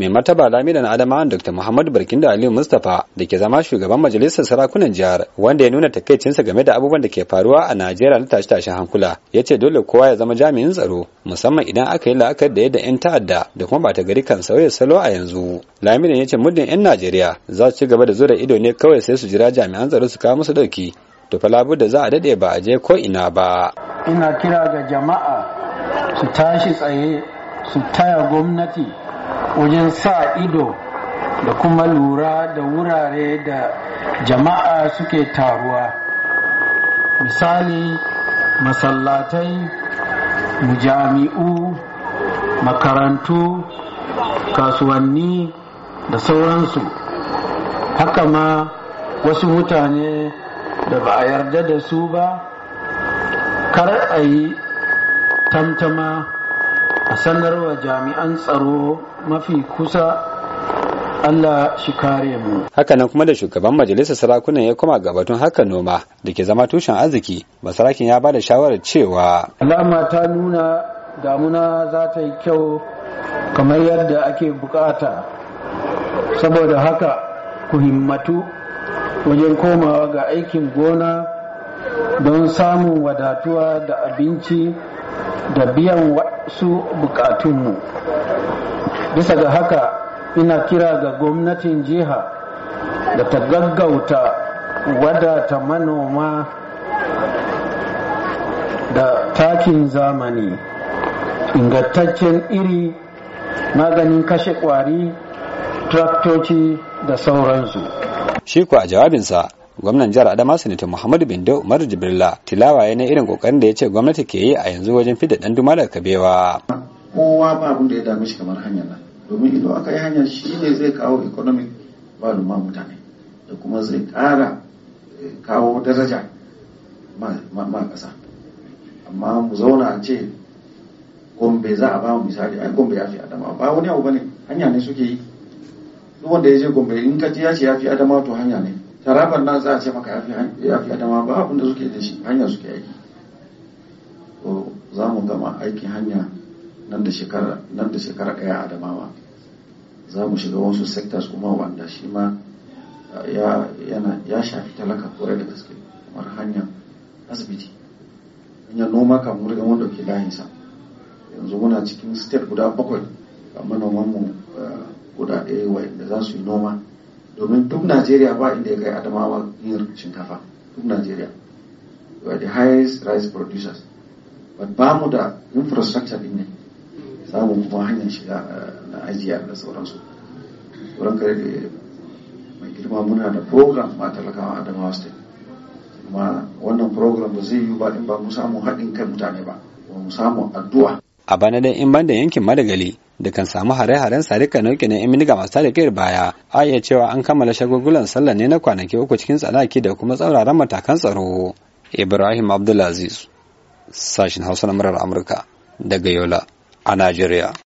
mai martaba lamidan adama dr muhammad barkinda aliyu mustapha da ke zama shugaban majalisar sarakunan jihar wanda ya nuna takaicinsa game da abubuwan da ke faruwa a najeriya na tashe-tashen hankula ya ce dole kowa ya zama jami'in tsaro musamman idan aka yi la'akari da yadda 'yan ta'adda da kuma bata gari kan sauya salo a yanzu lamidan ya ce muddin 'yan najeriya za su ci gaba da zura ido ne kawai sai su jira jami'an tsaro su kawo musu dauki to fa da za a dade ba a je ko ina ba ina kira ga jama'a su tashi tsaye su taya gwamnati wajen sa ido da kuma lura da wurare da jama'a suke taruwa misali masallatai mujami'u makarantu kasuwanni da sauransu haka ma wasu mutane da ba a yarda da su ba kar a yi tamtama a sanarwa jami'an tsaro mafi kusa Allah shi kare mu. Hakanan kuma da shugaban majalisar sarakunan ya koma ga batun haka noma da ke zama tushen arziki, masarakin ya bada shawarar cewa. Alama ta nuna damuna za ta yi kyau kamar yadda ake bukata. Saboda haka ku himmatu wajen komawa ga aikin gona don samun wadatuwa da abinci da biyan wasu bukatunmu bisa ga haka ina kira ga gwamnatin jiha da ta gaggauta wadata manoma da takin zamani ingantaccen iri maganin kashe kwari traktoci da sauransu shi a jawabinsa gwamnan jihar adama sanata muhammadu bindo umaru jibrila tilawa ya na irin kokarin da ya ce gwamnati ke yi a yanzu wajen fida dan duma daga kabewa kowa ba abin da ya dame shi kamar hanyar nan domin idan aka yi hanyar shi ne zai kawo economic value ma mutane da kuma zai kara eh, kawo daraja ma kasa amma mu zauna a ce gombe za a ba mu misali ai gombe ya fi adama ba wani abu bane hanya ne suke yi duk wanda ya je gombe in ka ji ya ce ya fi adama to hanya ne taraban nan za a ce maka ya fi adama ba abin da suke da shi hanyar suke aiki to za mu gama aikin hanya nan da shekara a ɗaya adama ba za mu shiga wasu sectors kuma wanda shi ma uh, ya shafi talaka kore da gaske kamar hanyar asibiti hanyar noma ka mun wanda ke yanzu muna cikin state guda bakwai ga manoman mu uh, guda ɗaya wa'inda za su yi noma domin duk najeriya ba inda ya kai adamawa yin shinkafa duk najeriya we are the highest rice producers but ba mu da infrastructure din ne samun kuma hanyar shiga eh, na ajiya da sauransu wurin kare da mai girma muna da program ma talakawa adamawa state kuma wannan program ba zai yi ba in ba mu samu haɗin kai mutane ba ba mu samu addu'a a bana da in ban yankin madagali da kan samu hare-haren sarika nauke na yan miniga masu tare kayar baya a iya cewa an kammala shagulgulan sallah ne na kwanaki uku cikin tsanaki da kuma tsauraran matakan tsaro ibrahim abdulaziz sashin hausa na murar amurka daga yola a najeriya